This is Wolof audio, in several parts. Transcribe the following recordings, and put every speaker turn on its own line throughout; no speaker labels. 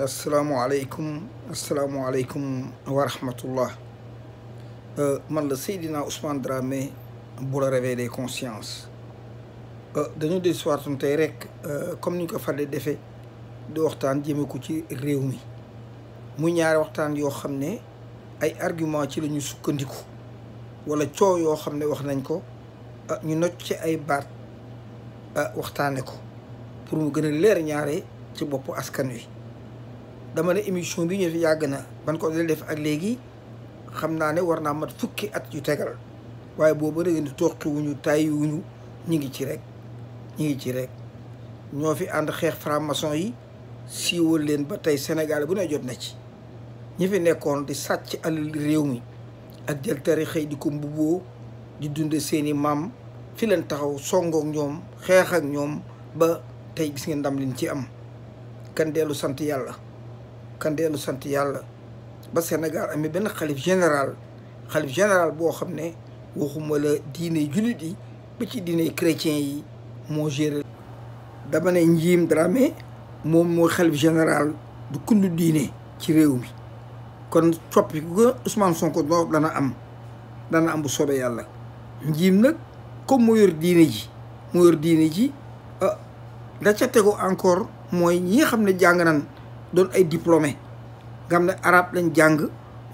asalaamualeykum asalaamualeykum wa rahmatullah euh, man la Seydina Ousmane Dramé bu la réveil des consciences euh, dañu del suwaatun tey rek euh, comme ni ñu ko fàtte defee di waxtaan jëme ko ci réew mi muy ñaare waxtaan yoo xam ne ay argument ci la ñu sukkandiku wala coow yoo xam ne wax nañ ko ñu nocc ci ay baat waxtaane ko pour mu gën a leer ñaare ci boppu askan wi dama ne émission bi ñu fi yàgg na ban ko dal def ak léegi xam naa ne war naa mat fukki at yu tegal waaye boobu rek ni toqiwuñu tàyyiwuñu ñu ngi ci rek ñu ngi ci rek ñoo fi ànd xeex franc yi siiwal leen ba tey Sénégal bu ne jot na ci ñi fi nekkoon di sàcc alal réew mi ak jël tarixa yi di ko mbubboo di dunde seeni maam fi leen taxaw songook ñoom xeex ak ñoom ba tey gis ngeen ndam liñ ci am kan dellu sant yàlla kan dellu sant yàlla ba Sénégal amee benn xalif général xalif général boo xam ne waxuma la diine jullit yi ba ci diine chrétien yi moo géré dama ne Ndjim Dramé moom mooy xalif général du kullu diine ci réew mi kon cop ko Ousmane Sonko dana am dana am bu soobee yàlla Ndjim nag comme moo yor diine ji moo yor diine ji da ah, ca tegu encore mooy ñi xam ne jàng nan doon ay diplômé nga xam ne arabe lañ jàng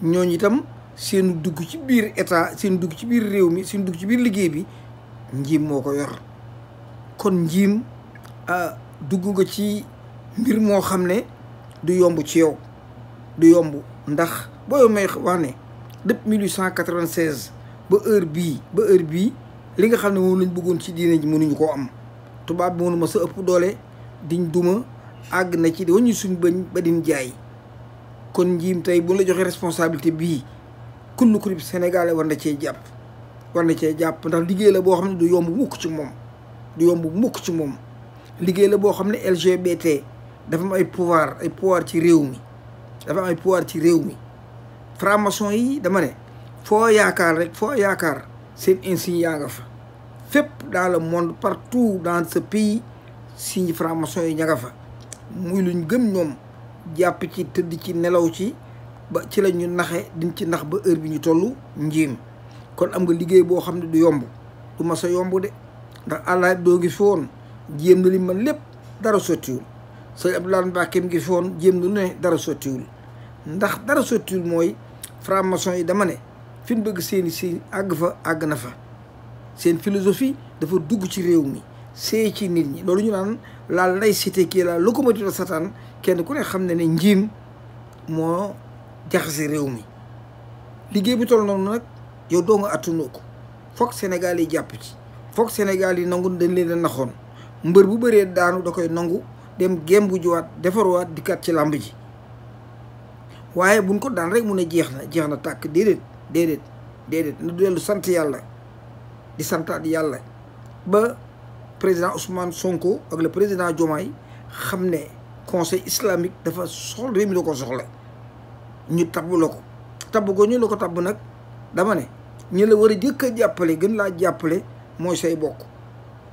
ñooñu itam seen dugg ci biir état seen dugg ci biir réew mi seen dugg ci biir liggéey bi njiim moo ko yor kon njiim dugg nga ci mbir moo xam ne du yomb ci yow du yomb ndax booy may wax ne depuis 1896 ba heure bii ba heure bii li nga xam ne moom lañ bëggoon ci diine ji mënuñu koo am tubaab bi sa ëpp doole di duma àgg na ci di wañu suñ bëñ ba din jaay kon njiim tey bu la joxee responsabilité bii kullu kurib sénégalais war na cee jàpp war na cee jàpp ndax liggéey la boo xam ne du yomb mukk ci moom du yomb ci moom liggéey la boo xam ne LGBT dafa am ay pouvoir ay pouvoir ci réew mi dafa am ay pouvoir ci réew mi framason yi dama ne foo yaakaar rek foo yaakaar seen insigne yaa nga fa fépp dans le monde partout dans ce pays signe franc yi ña nga fa muy ñu gëm ñoom jàpp ci tëdd ci nelaw ci ba ci la ñu naxe diñ ci nax ba heure bi ñu toll njiim kon am nga liggéey boo xam ne du yomb du ma sa yomb de ndax àllaaj doo ngi fi woon jéem man lépp dara sottiwul sëñ ngi fi woon na lu ne dara sottiwul ndax dara sottiwul mooy franc yi dama ne fi mu bëgg seeni si àgg fa àgg na fa seen philosophie dafa dugg ci réew mi séy ci nit ñi loolu ñu naan la laïcité kii la locomotive de Satan kenn ku ne xam ne ne njiim moo jaxase réew mi liggéey bu toll noonu nag yow doo nga attunoo ko foog Sénégal yi jàpp ci foog Sénégal yi nangu dañ leen naxoon mbër bu bëree daanu da koy nangu dem gem bu juwaat defarwaat dikkaat ci làmb ji waaye buñ ko daan rek mun ne jeex na jeex na tàkk déedéet déedéet déedéet na dellu sant yàlla di santaat yàlla ba président Ousmane Sonko ak le président Diomaye xam ne conseil islamique dafa soxla réew mi da ko soxla ñu tabb la ko tabb ko ñu la ko tab nag dama ne ñu ne war a jëkk jàppale gën laa jàppale mooy say bokk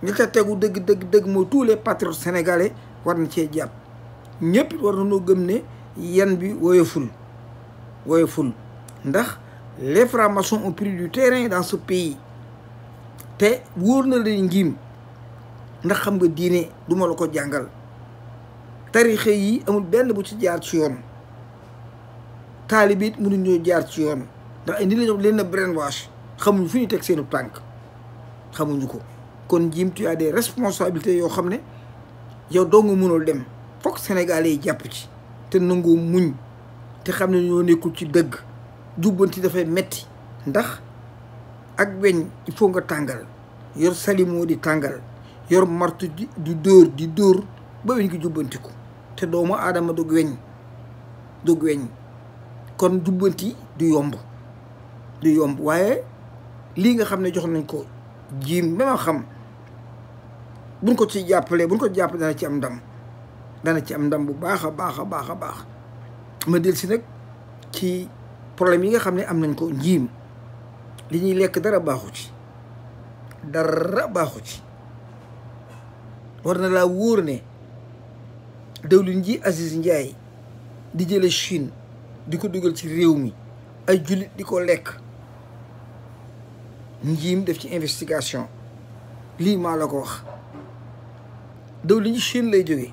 ñi ca tegu dëgg dëgg dëgg mooy tous les patriotes sénégalais war na cee jàpp ñëpp war nañoo gëm ne yan bi woyoful woyoful ndax les francs-maçons prix pris du terrain dans ce pays te wóor na leen ngiim ndax xam nga diine du ma la ko jàngal tarixe yi amul benn bu ci jaar ci yoon taalibe it mënuñ ñoo jaar ci yoon ndax ay nit la lenn leen na brainwash xamuñ fi ñu teg seenu tànk xamuñu ko kon jiim tu as responsabilité yoo xam ne yow doo nga mënul dem foog Sénégalais yi jàpp ci te nangoo muñ te xam ne ñoo nekkul ci dëgg jubbanti dafay metti ndax ak weñ il faut nga tàngal yor salimoo di tàngal yor martu di dóor di dóor ba weñ ko jubbantiku te doomu aadama dog weñ dog weñ kon jubbanti du yomb du yomb waaye lii nga xam ne jox nañ ko jiim ba ma xam buñ ko ci jàppalee buñ ko jàpp dana ci am ndam dana ci am ndam bu baax a baax a baax a baax ma del si nag ci problème yi nga xam ne am nañ ko njiim li ñuy lekk dara baaxu ci dara baaxu ci war na laa wóor ne dawlin ji Aziz Ndiaye di jële Chine di ko dugal ci réew mi ay jullit di ko lekk njiim def ci investigation lii maa la ko wax dawlin ji Chine lay jóge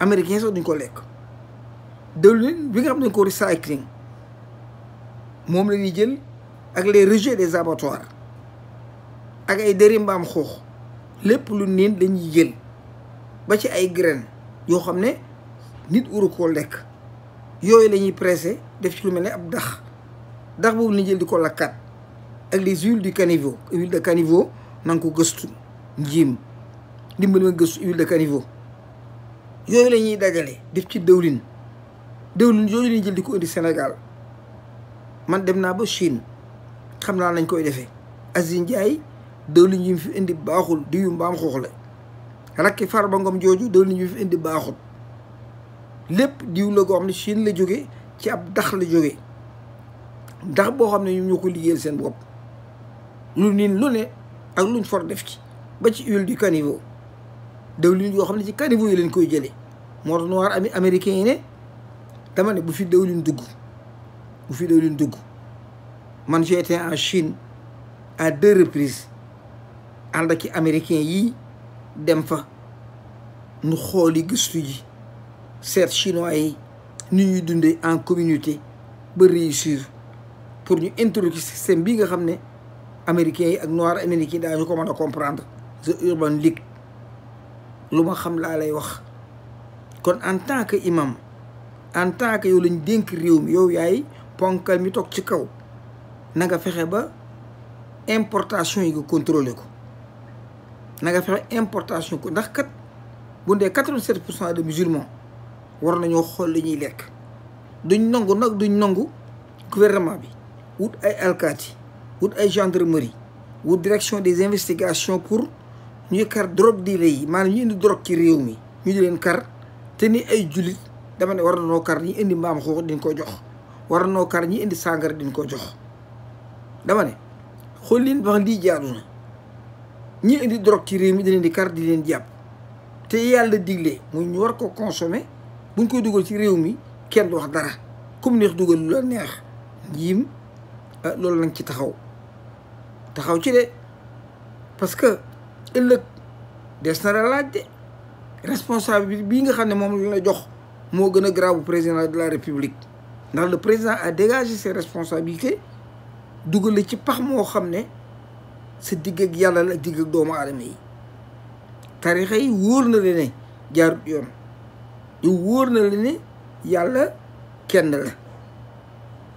américain sax duñ ko lekk dawlin bi nga xam ne ko recycling moom la ñuy jël ak les rejets des abattoirs ak ay deri mbaam xuux lépp lu neen dañuy jël ba ci ay graines yoo xam ne nit waru koo lekk yooyu la ñuy def ci lu mel ne ab dax dax boobu ni jël di ko lakkat ak les huiles du caniveau huile de caniveau na ko gëstu njiim ndimbal gëstu huile de caniveau yooyu la ñuy dajale def ci dëwlin dëwlin yooyu la ñuy jël di ko indi Sénégal man dem naa ba Chine xam naa lañ koy defee Aziz Ndiaye dëwlin yi mu fi indi baaxul diw yu mbaam xoox la rakki Farba Ngom jooju doon ñu fi indi baaxut lépp diw la goo xam ne Chine la jóge ci ab dax la jóge ndax boo xam ne ñu ñoo ko liggéeyal seen bopp lu niin lu ne ak luñ for def ci ba ci huile du caniveau dawlin yoo xam ne ci caniveau yi leen koy jële moo tax noir ami américain yi ne dama ne bu fi dawlin dugg bu fi dawlin dugg man j'étais en Chine à deux reprises ànd ak américain yii dem fa nu xooli gëstu ji seet chinois yi ni ñuy dundee en communauté ba réussir pour ñu introduire système bi nga xam ne américains yi ak noir américain daañu ko mën a comprendre the urban league lu ma xam laa lay wax kon en tant que imam en tant que yow lañ dénk réew mi yow yaay ponkal mi toog ci kaw na nga fexe ba importation yi nga contrôler ko na nga fexe importation ko ndax kat bu dee quatre-vingt-sept pour cent de musulmans war nañoo xool li ñuy lekk duñ nangu nag duñ nangu gouvernement bi wut ay alkaati wut ay gendarmerie wut direction des investigations pour ñu kar drogue dealer yi maanaam ñu indi drogue ci réew mi ñu di leen kar te ni ay jullit dama ne war noo kar ñi indi mbaam xuux diñ ko jox war noo kar ñi indi sàngara diñ ko jox dama ne xool leen wax lii jaadu na ñi indi drogue ci réew mi di di kar di leen jàpp te yàlla digle mu ñu war ko consommer buñ koy dugal ci réew mi kenn du wax dara comme neex dugal la neex njiim ah, loolu lañ ci taxaw taxaw ci de parce que ëllëg des na la laaj de responsabilité bii nga xam ne moom la la jox moo gën a grave président de la république ndax le président a dégage ses responsabilités dugal ci pax moo xam ne si digg yàlla la digg doomu aadama yi tarixa yi wóor na la ne jaarut yoon yow wóor na la ne yàlla kenn la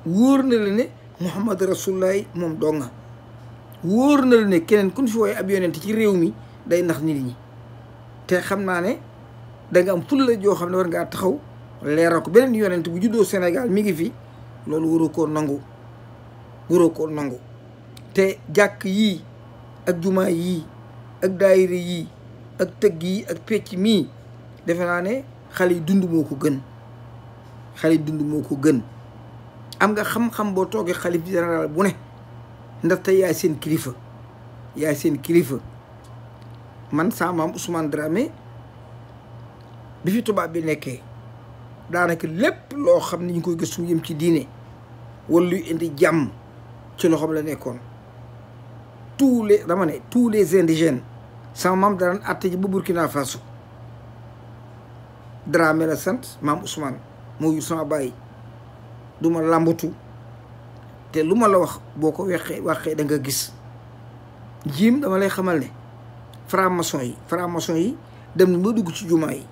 wóor na la ne muhammad rasulullahi moom donga wóor na la ne keneen kun fi wooye ab yonent ci réew mi day nax nit ñi te xam naa ne danga am fulla joo xam ne war ngaa taxaw leeral ko beneen yonent bu juddoo senegal mi ngi fi loolu waroo koo nangu waroo ko nangu te jàkk yii ak jumaa yii ak daayira yii ak tëgg yi ak pecc mii defe naa ne xale yi dundumoo ko gën xale yi dund ko gën am nga xam-xam boo toogee xalif général bu ne ndaxte yaay seen kilifa yaay seen kilifa man sama maam Ousmane bi fi tubaab bi nekkee daanaka lépp loo xam ne ñu koy gëstu yëm ci diine wala luy indi jàmm ci loxoom la nekkoon. tous les dama ne tous les indigènes sama maam daan atte ji bu Burkina Faso Dramé la sant maam Ousmane moo yu sama bàyyi du ma làmbatu te lu ma la wax boo ko weqee waxee da nga gis jiim dama lay xamal ne franc yi franc yi dem nañ ba dugg ci jumaa yi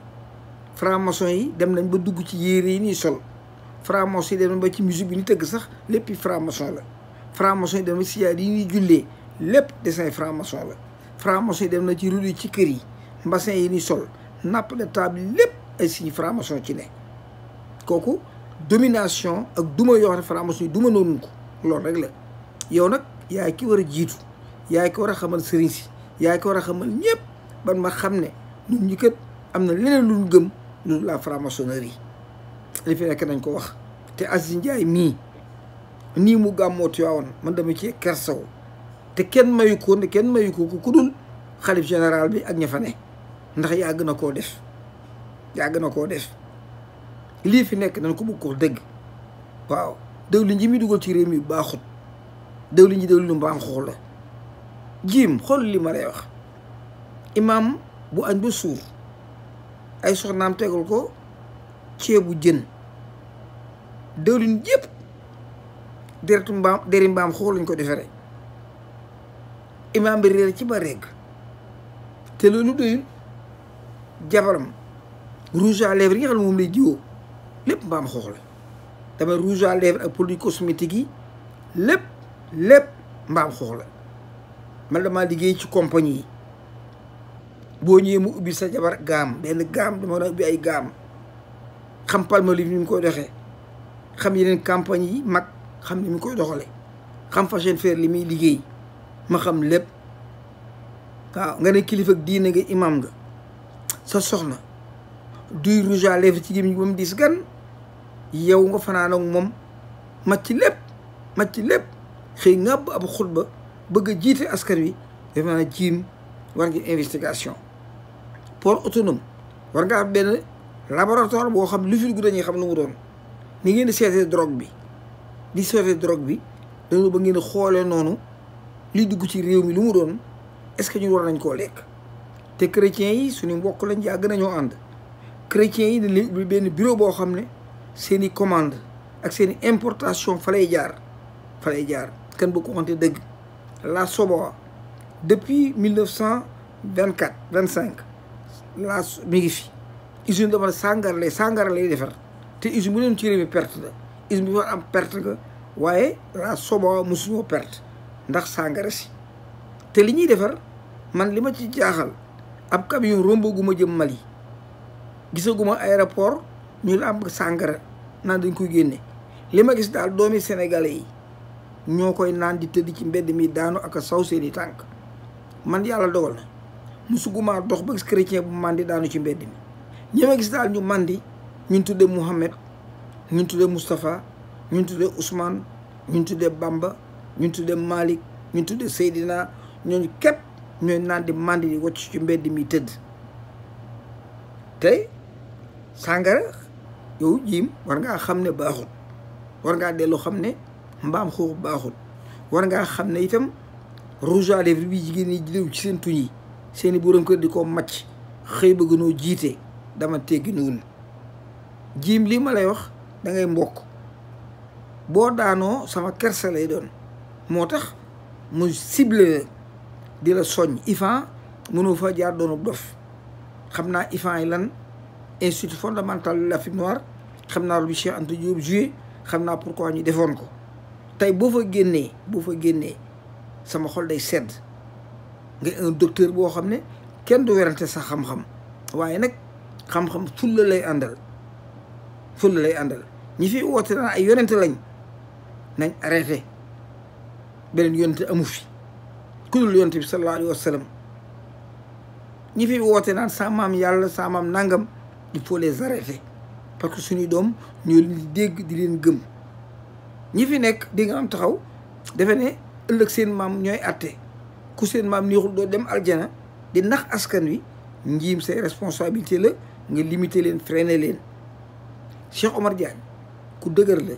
franc yi dem nañ ba dugg ci yére yi nii sol franc-maçon yi dem nañ ci musique bi ñu tëgg sax lépp franc la franc-maçon yi dem ba si yaay yi ñuy jullee lépp dessin franc-maçon la franc yi dem na ci rudi ci kër yi mbassin yi ni sol napp de table lépp ay signe franc ci ne kooku domination ak duma yoo xam yi duma noonu ko loolu rek la yow nag yaay ki war a jiitu yaay ki war a xamal sëriñ si yaay ki war a xamal ñëpp ban ma xam ne ñun ñi kat am na leneen lu ñu gëm lu la franc-maçonnerie li fi nekk nañ ko wax te Aziz Ndiaye mii nii mu gàmmoo Tiwaawan man dama ci kersaw te kenn mayu ko kenn mayu ko ku dul xalif général bi ak ña fa ne ndax yàgg na koo def yàgg na koo def lii fi nekk dañ ko bëgg ko dëgg waaw dëwlin ji muy dugal ci réew mi baaxut dëwlin ji dëwlinu mbaam xuux la jiim xool li ma lay wax bu añ ba suur ay soxnaam tegal ko ceebu jën dëwlin yëpp deretu mbaam deri mbaam xuux lañ ko defaree imaam bi réer ci ba régg te loolu doyul jabaram rouge à lèvres moom lay jiwoo lépp mbaam xoox dama rouge à lèvres ak produit cosmétique yi lépp lépp mbaam xoox la man damaa liggéey ci compagnie yi boo ñëwee mu ubbi sa jabar gaam benn gaam dama doon ubbi ay gaam xam palmolive ni mu koy doxee xam yeneen campagne yi mag xam ni mu koy doxale xam fashion fair li muy liggéey ma xam lépp waaw nga ne kilifa diine nga imam nga sa soxna duy rouge à lèvres ci gémmiñ ba mu diis gan yow nga fanaan moom mat ci lépp ci lépp xëy ngàbb ab xutba bëgg a jiite askan wi def naa jiim war nga investigation port autonome war nga benn laboratoire boo xam lifin gu dañuy xam lu mu doon ni ngeen di seetee drogue bi di seetee drogue bi dañu ba ngeen xoolee noonu li dugg ci réew mi lu mu doon est-ce que ñu war nañ koo lekk te chrétiens yi suñu mbokk lañ yàgg nañoo ànd chrétiens yi dañuy benn bureau boo xam ne seen i commande ak seen i importation fa lay jaar fa jaar kenn bu ko xonte dëgg la SOBOA depuis mille neuf cent vingt quatre vingt cinq la mi ngi fi usine dama ne sàngara lay sàngara lay defar te usine mu doon ci réew mi perte la usine bi fa am perte nga waaye la SOBOA mosuñoo perte ndax sàngara si te li ñuy defar man li ma ci jaaxal ab camion rombaguma jëm mal yi gisaguma aéroport ñu la am sàngara naan dañ koy génne li ma gis daal doomi sénégalais yi ñoo koy naan di tëdd ci mbedd mi daanu ak a saw seeni tànk man yàlla dogal na musuguma dox ba gis chrétien bu màndi daanu ci mbedd mi ñi gis daal ñu mandi ñun tudde Mouhamed ñun tudde Moustapha ñun tudde Ousmane ñu tudde Bamba ñu tudde Malick ñu tudd Seydina ñooñu képp ñooy naan di màndi di wacc ci mbedd mi tëdd tey sàngara yow jiim war ngaa xam ne baaxut war ngaa dellu xam ne mbaam xuux baaxut war ngaa xam ne itam rouge à lèvres bi jigéen ñi diw ci seen tuñ yi seeni i borom kër di koo màcc xëy bëgg noo jiite dama teggi nuun jiim lii ma lay wax dangay ngay mbokk boo daanoo sama kersa lay doon moo tax mu cible di la soñ IFAN mënoo fa jaar doonub dof xam naa IFAN yi lan institut fondamental la l'Afrique noire xam naa lu bi Cheikh Anta Diop xam naa pour quoi ñu defoon ko tey boo fa génnee boo fa génnee sama xol day sedd nga un docteur boo xam ne kenn du werante sax xam-xam waaye nag xam-xam la lay àndal la lay àndal ñi fi woote naan ay yonente lañ nañ arrêté beneen yonte amu fi ku dul yonte bi sallallahu alayhi ñi fi woote naan sa maam yàlla sa maam nangam il faut les arrêter parce que suñuy doom ñoo leen di dégg di leen gëm ñi fi nekk di nga am taxaw defe ne ëllëg seen maam ñooy atte ku seen maam neexul doo dem aljana di nax askan wi njiim say responsabilité la nga limiter leen freiner leen Cheikh Omar Diagne ku dëgër la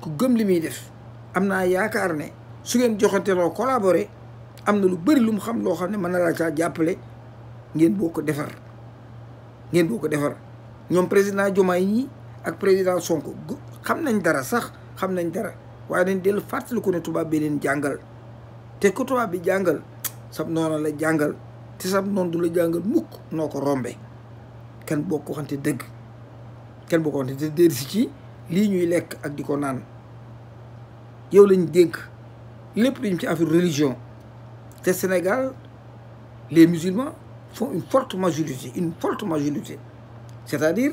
ku gëm li muy def am naa yaakaar ne su ngeen joxante loo collaboré am na lu bari lu mu xam loo xam ne mën na laa caa jàppale ngeen boo ko defar ngeen boo ko defar ñoom président Diomaye nii ak président Sonko xam nañ dara sax xam nañ dara waaye dañ dellu fàttaliku ne tubaab bi leen jàngal te ko tubaab bi jàngal sab noona la jàngal te sab noon du la jàngal mukk noo ko rombe kenn boo ko waxante dëgg kan boo ko waxante te dér ci lii ñuy lekk ak di ko naan yow lañ dénk lépp lu ci affaire religion te Sénégal les musulmans font une forte majorité une forte majorité c'est-à-dire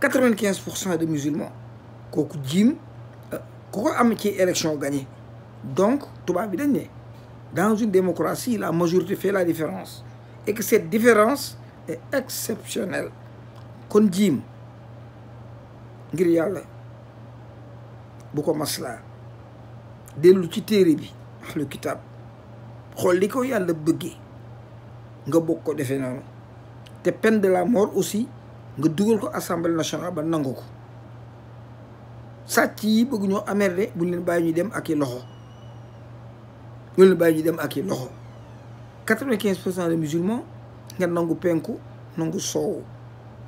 quatre-vingt-quinze pour cent de musulmans kooku jiim euh, ku ko am ci élection gagné donc tubaab bi dañ ne dans une démocratie la majorité fait la différence et cette différence est exceptionnelle kon jiim ngir yàlla bu ko maslaa dellu ci téere bi ahlu kitaab xool li ko yàlla bëgge nga bokk ko defee noonu te peine de la mort aussi nga dugal ko assemblée nationale ba nangu ko sàcc yi bëgg ñoo amerde bu leen bàyyi ñuy dem ak i loxo bu leen bàyyi ñu dem ak i loxo quatre-vingt-quinze pour cent des musulmans nga nangu penku nangu soowu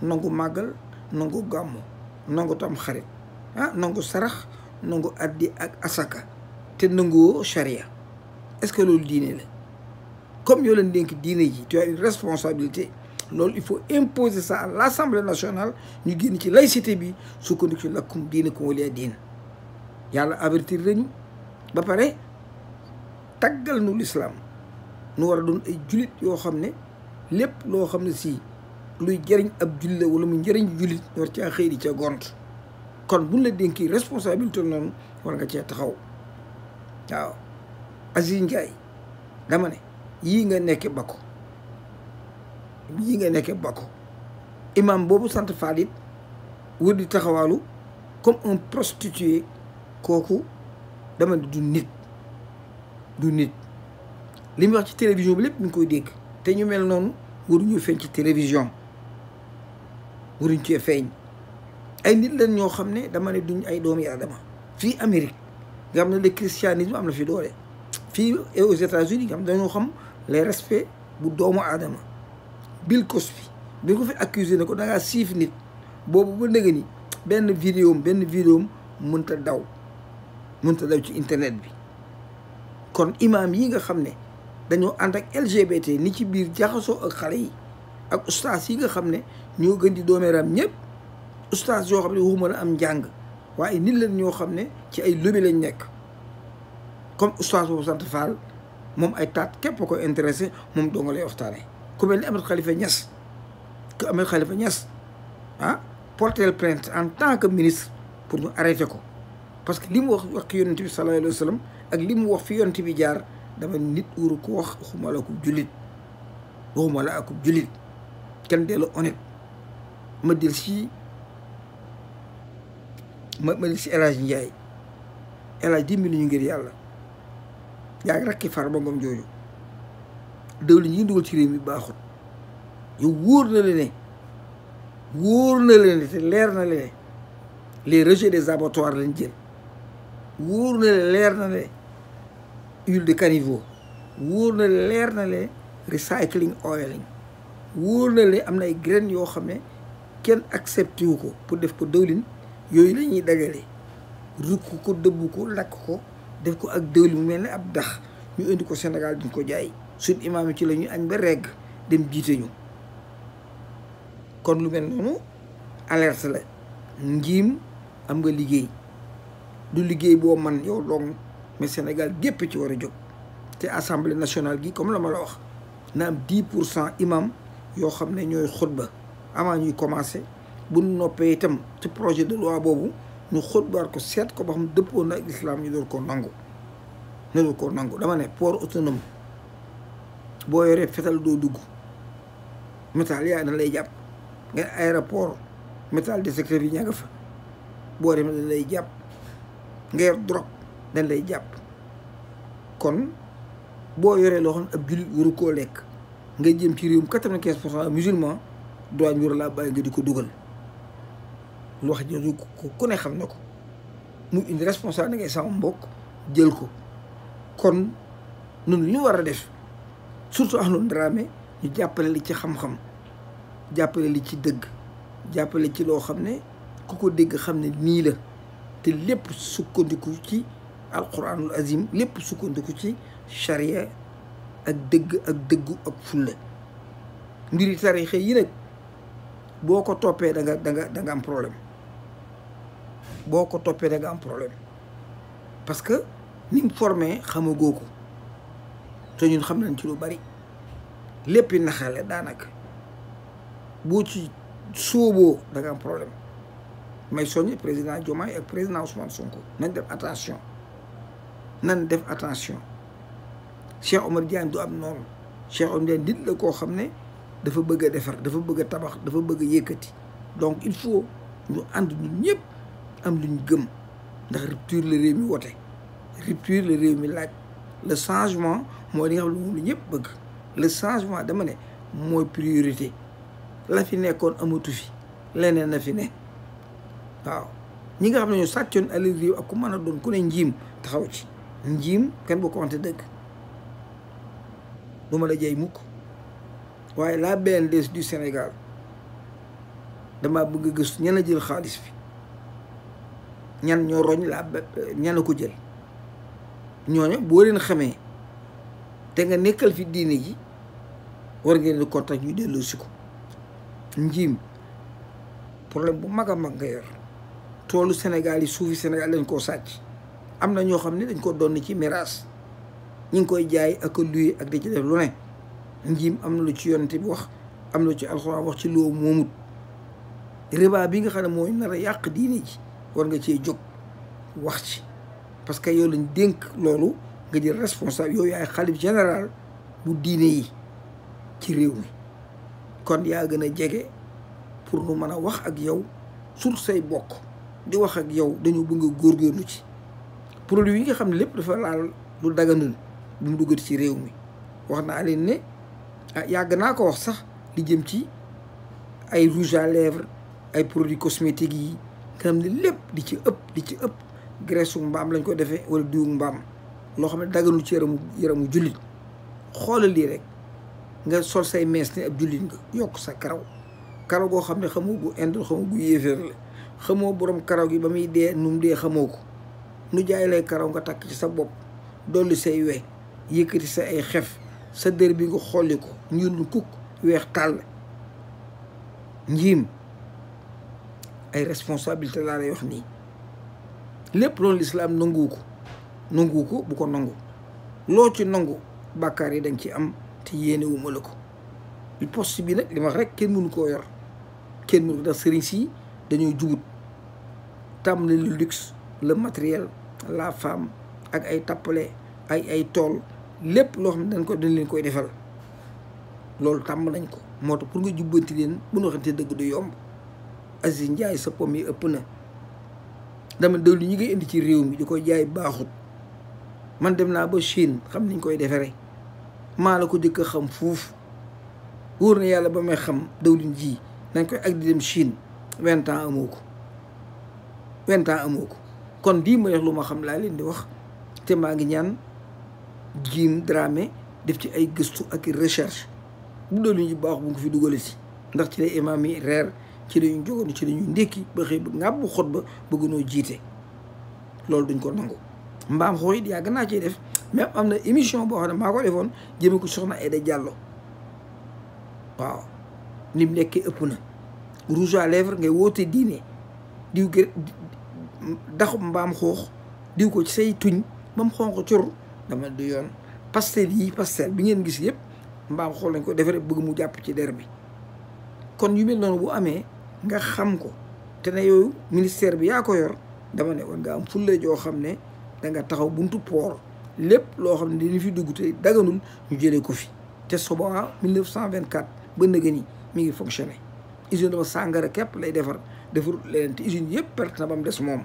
nangu màggal nangu gàmmu nangu tam ah, nangu sarax nangu addi ak asaka te nanguwoo charia est-ce que loolu diine la comme yoo leen dénk diine ji tu as responsabilité loolu il faut imposer ça à l'Assemblée nationale ñu génn ci laïcité bi sukkandiku ci lakkum diine ko waliya diine yàlla avertir lañu ba pare taggal nu l'islam nu war a doon ay julit yoo xam ne lépp loo xam ne si luy jëriñ ab jullit la wala mu njëriñ jullit war caa xëy di ca gont kon buñ la dénki responsabilité noonu war nga cee taxaw waaw Aziz Ndiaye dama ne yii nga nekke Bako yii nga nekke Bako imam boobu sant Fall it di taxawaalu comme un prostitué kooku dama ne du nit du nit li mu wax ci télévision bi lépp mi ngi koy dégg te ñu mel noonu waruñu feeñ ci télévision waruñ cee feeñ ay nit lañ ñoo xam ne dama ne duñ ay doomu Aadama fii Amérique nga xam ne le christianisme am na fi doole fii et aux États-Unis nga xam dañoo xam les respects bu doomu aadama Bill Cosby bi ko fi accusé ne ko da ngaa siif nit boobu ba ndëgë ni benn vidéom benn vidéom mënta daw mënta daw ci internet bi kon imam yi nga xam ne dañoo ànd ak LGBT ni ci biir jaxasoo ak xale yi ak ustaas yi nga xam ne ñoo gën di doomeeram ñëpp ustaas yoo xam ne waxuma la am njàng waaye nit leen ñoo xam ne ci ay lobby lañ nekk comme oustaz boobu sant Fall moom ay taat képp ko intéressé moom doo nga lay waxtaanee ku mel ni Ahmed Khalifa Niass ku Ahmed Khalifa Niass ah porter plainte en tant que ministre pour ñu arrêté ko parce que li mu wax wax yonent bi sallallahu alayhi ak li mu wax fi yonent bi jaar dama nit wuru ko wax waxuma la akub jullit waxuma akub jullit kenn dee la ma del si ma ma si El Hadj Ndiaye El Hadj ñu ngir yàlla yaa ngi rakki far ba ngoom jooju dëwlin yi dugal ci réew mi baaxut yow wóor na leen ne wóor na leen te leer na leen ne les rejets des abattoirs lañ jël wóor na leen leer na leen huile de wóor na leer na leen recycling oiling wóor na leen am na ay graines yoo xam ne kenn accepté wu ko pour def ko dëwlin yooyu la ñuy dagale rukk ko dëbb ko lakk ko def ko ak dëwli mu mel ne ab dax ñu indi ko Sénégal duñ ko jaay suñ imaam yi ci la ñuy añ ba regg dem jiite ñu kon lu mel noonu alerte la njiim am nga liggéey du liggéey boo man yow dong mais Sénégal gépp ci war a jóg te assemblée nationale gi comme la ma la wax na am dix pour cent imam yoo xam ne ñooy xutba avant ñuy commencer bu noppee itam ci projet de loi boobu ñu xóotbaar ko seet ko ba xam dëppoo na ak lislaam ñu door koo nangu ñu door koo nangu dama ne port autonome boo yoree fetal doo dugg métal yaa dañ lay jàpp nga aéroport métal détecteur yi ñaa nga demee lay jàpp nga yor drogue dañ lay jàpp kon boo yoree loo xam ab jullit waru koo lekk nga jëm ci réewum quatre-vingt-quinze pour cent musulman droit ñu war laa bàyyi nga di ko dugal lu wax jooju ku ne xam ne ko mu indi responsable da ngay sama mbokk jël ko kon nun li ñu war a def surtout Ahmadou Dramé ñu jàppale li ci xam-xam jàppale li ci dëgg jàppale ci loo xam ne ku ko dégg xam ne nii la te lépp sukkandiku ci alquranul azim lépp sukkandiku ci charia ak dëgg ak dëggu ak fulla mbiri tarixe yi nag boo ko toppee danga nga da am problème boo ko toppee da nga am problème parce que ni mu formé xamagoo ko te ñun xam nañ ci lu bari léppi naxale daanaka boo ci sóoboo da nga am problème may soññi président Diomaye ak président Ousmane Sonko nañ def attention nan def attention Cheikh Omar Diagne du am noonu Cheikh Omar Diagne nit la koo xam ne dafa bëgg a defar dafa bëgg a tabax dafa bëgg a yëkkati donc il faut ñu ànd ñun ñëpp am luñ gëm ndax rupture la réew mi wote rupture la réew mi laaj le changement mooy li xam ne moom la ñëpp bëgg le changement dama ne mooy priorité la fi nekkoon amatu fi leneen na fi ne waaw ñi nga xam ne ñu sàccoon alal réew ak ku mën a doon ku ne njiim taxaw ci njiim kenn bu ko wante dëgg du ma la jay mukk waaye la des du Sénégal dama bëgg a gëstu ñen a jël xaalis bi ñan ñoo roñ la ñan a ko jël ñooñu boo leen xamee te nga nekkal fi diine ji war ngeen di contact ñu delloo si ko njiim problème bu mag a mag nga yor toolu Sénégal yi suufi Sénégal dañ koo sàcc am na ñoo xam ne dañ koo doon ci miraas ñu ngi koy jaay ak a luy ak di ci def lu ne njiim am na lu ci yonent bi wax am na lu ci alxuraan wax ci loo moomut riba bi nga xam ne mooy nar a yàq diine ji war nga cee jóg wax ci parce que yow lañ dénk loolu nga jël responsable yow yaay xalif général bu diine yi ci réew mi kon yaa gën a jege pour nu mën a wax ak yow sur say bokk di wax ak yow dañu bëgg góor góorgóorlu ci produit yi nga xam lépp dafa laal lu daganul bu mu duggati ci réew mi wax naa leen ne ah yàgg naa ko wax sax li jëm ci ay rouge à lèvres ay produit cosmétiques yi te am ni lépp di ci ëpp di ci ëpp graisse wu mbaam lañ ko defee walla diwu mbaam loo xam ne daganul ci yaramu yaramu jullit xoolal lii rek nga sol say mees ni ab jullit yokk sa karaw karaw goo xam ne xamoo gu indul xamoo gu yéeféer la xamoo borom karaw gi ba muy dee nu mu dee xamoo ko nu jaay lay karaw nga takk ci sa bopp dolli say we yëkkati sa ay xef sa dër bi nga xolli ko lu kukk weex tàll njiim ay responsabilité laa lay wax nii lépp loolu lislaam nanguwu ko nangu ko bu ko nangu loo ci nangu bàkkaar yi dañ ci am te yéene wu la ko poste bi nag li wax rek kenn mënu koo yor kenn mënu ko ndax sëriñ si dañoo jubut tàmm na le luxe le matériel la femme ak ay tappale ay ay tool lépp loo xam ne dañ ko dañ leen koy defal loolu tàmm nañ ko moo tax pour nga jubbanti leen bu ñu waxante dëgg du yomb Aziz Ndiaye sa pom yi ëpp na dama déglu ñi ngi indi ci réew mi di koy jaay baaxut man dem naa ba Chine xam niñ koy defaree maa la ko jëkk a xam foofu wóor na yàlla ba may xam dëwlin ji nañ koy ak di dem Chine vingt ans amoo ko vingt ans ko kon lii ma wax lu ma xam laa leen di wax te maa ngi ñaan jiim Dramé def ci ay gëstu ak recherche bu dawlin ji baaxut bu ko fi dugale si ndax ci lay imaam yi reer ci la ñu ci la ndékki ba xëy ba ngàbbu xot ba bëggunoo jiite loolu duñ ko nangu mbaam xooy it yàgg naa ci def même am na émission boo xam ne maa ko defoon jëme ko soxna Aida jàlloo waaw ni mu nekkee ëpp na rouge à lèvres ngay woote diine diw gë daxub mbaam xoox diw ko ci say tuñ ba mu xonq cur dama du yoon pastel yi pastel bi ngeen gis yëpp mbaam xool lañ ko defaree bëgg mu jàpp ci der bi kon yu mel noonu bu amee nga xam ko te ne yooyu ministère bi yaa ko yor dama ne war nga am fulla joo xam ne da nga taxaw buntu poor lépp loo xam ne dina fi dugg te daganul ñu jëlee ko fi te Soboa 1924 ba nëgë ni mi ngi fonctionné usine dama sàngara képp lay defar defar leneen te usine yëpp perte na ba mu des moom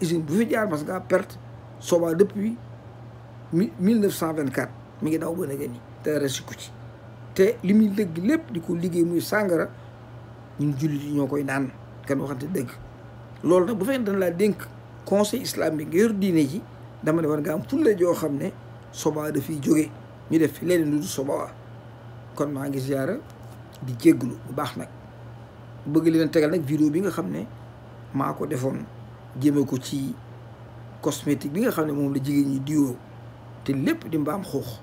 usine bu fi jaar parce que perte Soboa depuis 1924 mi ngi daw ba nëgë ni te resiku ci te li muy dëgg lépp di ko liggéey muy sàngara ñu jullit yi ñoo koy naan kan waxante dëgg loolu nag bu fekkee dañ laa dénk conseil islamique nga yor diine ji dama ne war nga am fulla joo xam ne soba dafay jóge ñu def fi leneen lu dul soba kon maa ngi ziara di jégglu bu baax nag bëgg leen tegal nag vidéo bi nga xam ne maa ko defoon jëme ko ci cosmétique bi nga xam ne moom la jigéen ñi diwoo te lépp di mbaam xuux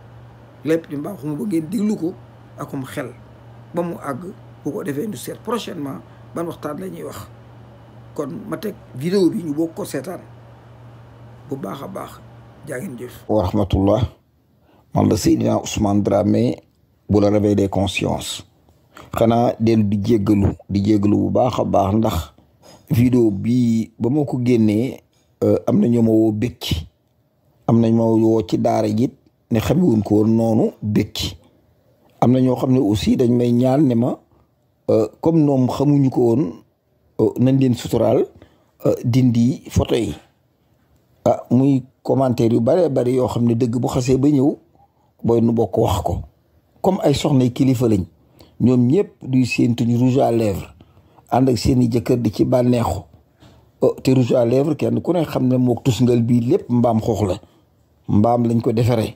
lépp di mbaam xuux ba ngeen diglu ko akum xel ba mu àgg bu ko defee ñu seet prochainement ban waxtaan la ñuy wax kon ma teg bi ñu bokk ko seetaan bu baax a baax jaa ngeen jëf wa rahmatullah man la Seydina Ousmane Dramé bu la réveil des consciences xanaa dellu di jéggalu di jéggalu bu baax a baax ndax vidéo bi ba ma ko génnee euh, am na ñoo ma woo am na ñoo ma ci daara jit ne xamewuñ ko noonu békki am na ñoo xam ne aussi dañ may ñaan ne ma Euh, comme ñoom xamuñu ko woon euh, nañ leen suturaal euh, dindi photo yi ah muy commentaire yu bare bari yoo xam ne dëgg bu xasee ba ñëw booy nu bokk wax ko comme ay soxna kilifa lañ ñoom ñëpp duy séentuñ rouge à lèvre ànd ak seen i jëkkër di ci bànneexu te rouge à kenn ku ne xam ne mook tusngal bii lépp mbaam xoox la mbaam lañ ko defaree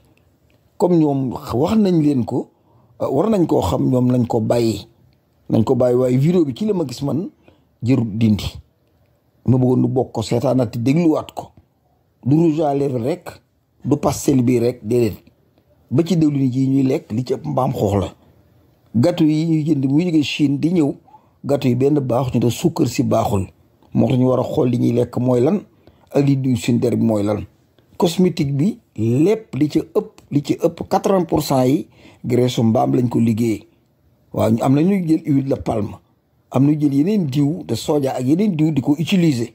comme ñoom wax nañ leen ko war nañ koo xam ñoom lañ ko bàyyi nañ ko bàyyi waaye vidéo bi ci la ma gis man jërut dindi ma bëggoon nu bokk ko seetaana te dégluwaat ko du rouge à lèvre rek du pastel bii rek déedéet ba ci déglu ni ñuy lekk li ci ëpp mbaam xoox la gâteau yi ñuy jënd mu jóge Chine di ñëw gâteau yi benn baax ñu te suukar si baaxul moo tax ñu war a xool li ñuy lekk mooy lan ak li duñ suñ der bi mooy lan cosmétique bi lépp li ci ëpp li ci ëpp quatre pour cent yi su mbaam lañ ko liggéey waaw am na ñuy jël huile de palme am na jël yeneen diw de soja ak yeneen diw di ko utiliser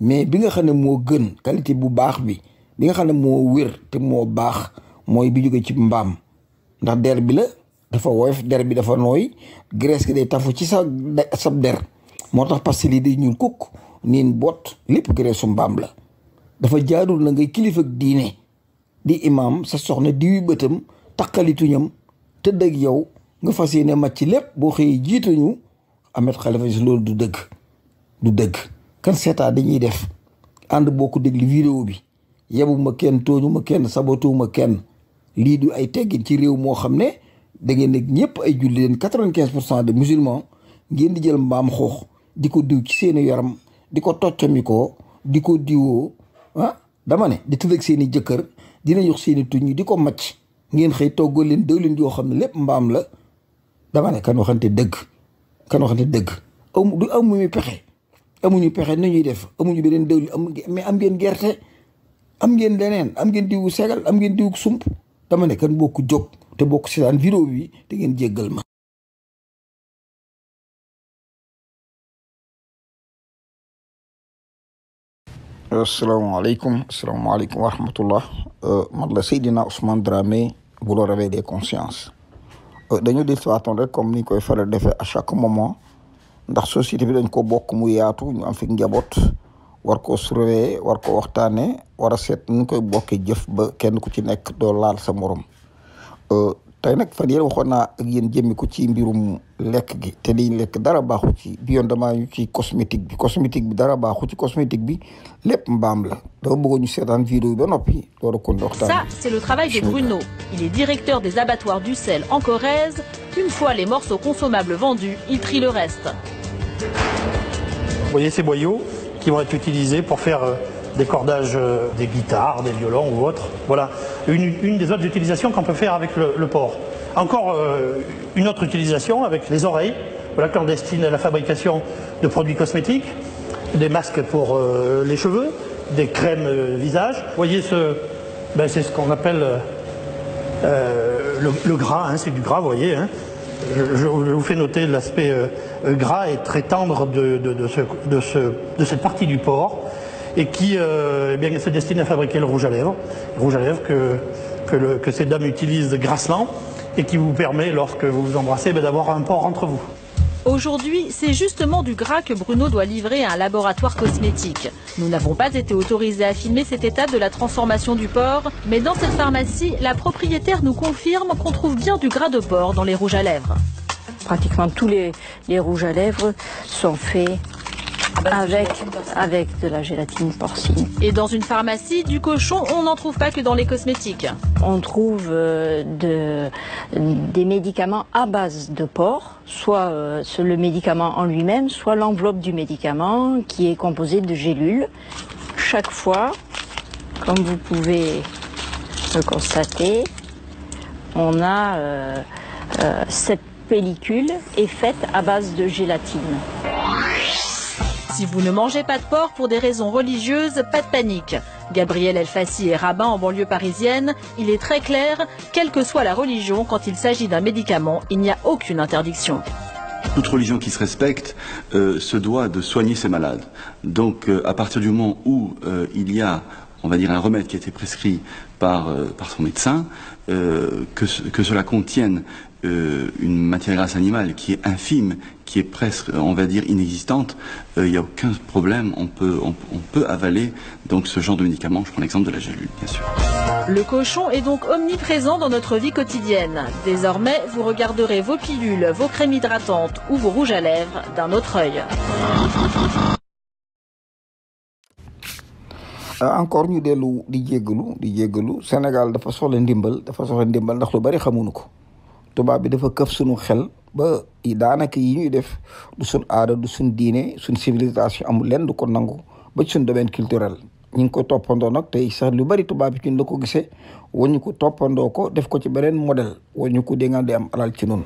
mais bi nga xam ne moo gën qualité bu baax bi bi nga xam ne moo wér te moo baax mooy bi jógee ci mbaam ndax der bi la dafa woyof der bi dafa nooy graisse gi day tafu ci sa der moo tax pastil yi day ñuul kukk niin boot lépp graisse su mbaam la dafa jaadul na ngay kilifa ak diine di imaam sa soxna diwi bëtam takkali tuñam tëdd ak yow nga fas yéene mat ci lépp boo xëyee jiituñu Ahmed Khalifa Niass loolu du dëgg du dëgg kan seetaa dañuy def ànd boo ko déglu vidéo bi yebuma kenn tooñuma kenn sabatuma kenn lii du ay teggin ci réew moo xam ne da ngeen nekk ñëpp ay julli leen quatre vingt cent de musulmans ngeen di jël mbaam xoox di ko diw ci seeni yaram di ko toccami di ko diwoo ah dama ne di tëdd ak seen i jëkkër dina jox seen i tuñ di ko macc ngeen xëy toggal leen dëwlin yoo xam ne lépp mbaam la dama ne kan waxante dëgg kan waxante dëgg amu amuñu pexe amuñu pexe nu ñuy def amuñu beneen dëwli am mais am ngeen gerte am ngeen
leneen am ngeen diwu segal am ngeen diwu sump dama ne kan bokk jóg te bokk seetaan vidéo bi te ngeen jéggal ma asalaamaaleykum asalaamaaleykum
wa rahmatullah euh, man la Seydina Ousmane Dramé bu la réveil des consciences Euh, dañu di waatoon rek comme niñ koy faral defee à chaque moment ndax société bi dañ ko bokk mu yaatu ñu am fi njaboot war koo surveiller war ko waxtaanee wara a seet nu koy bokkee jëf ba kenn ku ci nekk doo laal sa morom euh, tey nag fan yéen waxoon naa ak yéen jëmmi ko ci mbirum lekk gi te liñ lekk dara baaxu ci bi yoon ci cosmétique bi cosmétique bi dara baaxu ci cosmétique bi lépp mbaam la dama bëggoon ñu seetaan vidéo yi ba noppi door a kon waxtaan ça
c'est le travail de Bruno il est directeur des abattoirs du sel en Corrèze une fois les morceaux consommables vendus il trie le reste vous voyez ces qui vont être utilisés pour faire euh, des cordages euh, des guitares, des violons ou autres. Voilà une, des autres utilisations qu'on peut faire avec le, le Encore euh, une autre utilisation avec les oreilles, clandestine à la fabrication de produits cosmétiques, des masques pour euh, les cheveux, des crèmes euh, c'est ce qu'on appelle le, gras, c'est du gras, Je, vous fais noter l'aspect gras et très tendre de, cette partie du porc. et qui euh, eh bien, se destine à fabriquer le rouge à lèvres. Le rouge à lèvres que, que, le, que ces dames utilisent grassement et qui vous permet, lorsque vous vous embrassez, d'avoir un port entre vous. Aujourd'hui, c'est justement du gras que Bruno doit livrer à un laboratoire cosmétique. Nous n'avons pas été autorisés à filmer cette étape de la transformation du porc, mais dans cette pharmacie, la propriétaire nous confirme qu'on trouve bien du gras de porc dans les rouges à lèvres. Pratiquement Avec, avec de la gélatine porcine. Et dans une pharmacie, du cochon, on n'en trouve pas que dans les cosmétiques. On trouve euh, de, des médicaments à base de porc, soit euh, le médicament en lui-même, soit l'enveloppe du médicament qui est composée de gélules. Chaque fois, comme vous pouvez le constater, on a euh, cette pellicule est faite à base de gélatine. Si vous ne mangez pas de porc pour des raisons religieuses, pas de panique. Gabriel Elfassi est rabbin en banlieue parisienne. Il est très clair, quelle que soit la religion, quand il s'agit d'un médicament, il n'y a aucune interdiction. Toute religion qui se respecte euh, se doit de soigner ses malades. Donc euh, à partir du moment où euh, il y a, on va dire, un remède qui a été prescrit par, son médecin, que, que, cela contienne une matière grasse animale qui est infime qui est presque, euh, on va dire, inexistante, euh, il n'y a aucun problème, on peut, on, peut avaler donc ce genre de médicament. Je prends l'exemple de la gélule, bien sûr. Le cochon est donc omniprésent dans notre vie quotidienne. Désormais, vous regarderez vos pilules, vos crèmes hydratantes ou vos rouges à lèvres d'un autre œil.
Euh, encore ñu dellu di jéggalu di jéggalu Sénégal dafa soxla ndimbal dafa soxla ndimbal ndax lu bari xamuñu ko tubaab bi dafa këf sunu xel ba daanaka yi ñuy def du suñ aada du suñ diine suñ civilisation amul leen du ko nangu ba ci suñ domaine culturel ñu ngi ko toppandoo nag tey sax lu bari tubaab bi ci la ko gisee wañu ko toppandoo ko def ko ci beneen modèle wañu ku dégg nga di am alal ci noonu.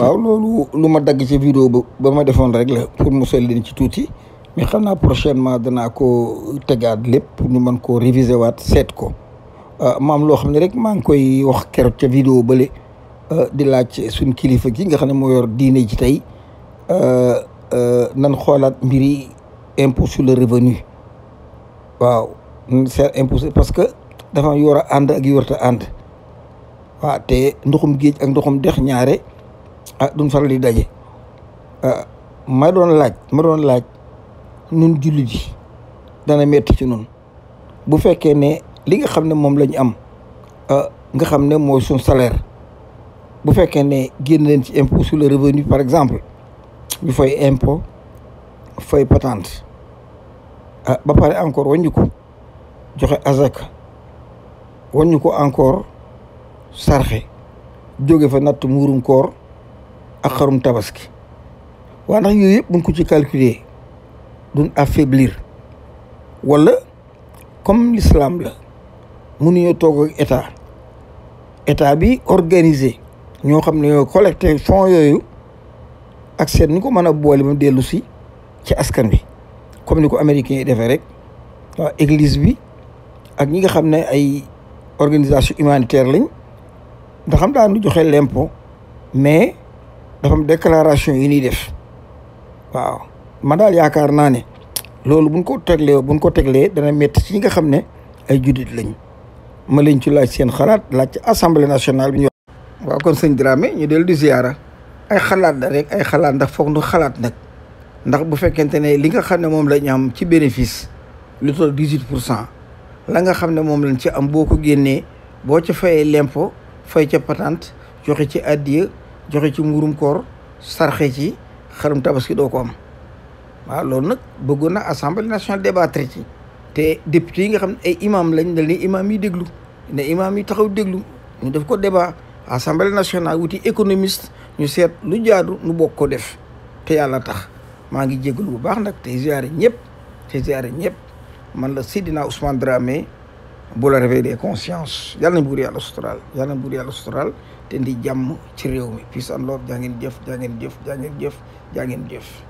waaw loolu lu ma dagg ci vidéo ba ba ma defoon rek la pour musal leen ci tuuti mais xam naa prochainement danaa ko tegaat lépp ñu mën koo réviser waat seet ko ah, maam loo xam ne rek maa ngi koy wax keroog ca vidéo bële. Euh, di laaj suñ kilifa gi nga xam ne moo yor diine ji tey euh, euh, nan xoolaat mbiri impôt sur le revenu waaw c'est impôt parce que dafa yor a ànd ak yorta ànd waaw te ndoxum géej ak ndoxum dex ñaare ah duñ faral di daje ma doon laaj ma laaj nun jullit yi dana metti ci nun bu fekkee ne li nga xam ne moom la ñu am nga xam ne mooy suñ saleer bu fekkee ne génn leen ci impôt su le revenu par exemple ñu fay impôt fay patente ah, ba pare encore wàññi ko joxe azaka wàññi ko encore sarxe jóge fa natt muurum koor ak xarum tabaski waa ndax yëpp buñ ko ci calculer duñ affaiblir wala comme l'islam la mënuñoo toog ak état état bi organiser ñoo xam ne ñoo collecté fonds yooyu ak seen ni ko mën a boole ba dellu si ci askan wi comme ni ko américains yi defee rek waa église bi ak ñi nga xam ne ay organisation humanitaire lañ nga xam daan nu joxe l'impôt mais dafa déclaration yi ñuy def waaw man daal yaakaar naa ne loolu buñ ko teglee buñ ko teglee dana metti ci ñi nga xam ne ay juddit lañ ma leen ci laaj seen xalaat laaj ci assemblée nationale waaw kon sëñ Dramé ñu dellu di ziyaara ay xalaat la rek ay xalaat ndax foog nu xalaat nag ndax bu fekkente ne li nga xam ne moom lañ am ci bénéfice lu toll dix-huit pour cent la nga xam ne moom lañ ci am boo ko génnee boo ca fayee lempo fay ca patente joxe ci addiya joxe ci ngurum koor sarxe ci xarum tabaski doo ko am waaw loolu nag bëggoon na assemblée nationale débattre ci te député yi nga xam ne ay imam lañ dal ne imam yi déglu ne imam yi taxaw déglu ñu def ko débat assemblée nationale wuti économiste ñu seet lu jaadu nu bokk ko def te yàlla tax maa ngi jégalu bu baax nag te ziare ñëpp tey ziare ñëpp man la Seydina Ousmane Dramé bu la réveil des consciences yàlla nañ buur yàlla suturaal yàlla nañ buur yàlla suturaal te ndi jàmm ci réew mi peace and love jaa ngeen jëf jaa ngeen jëf jaa jëf jaa ngeen jëf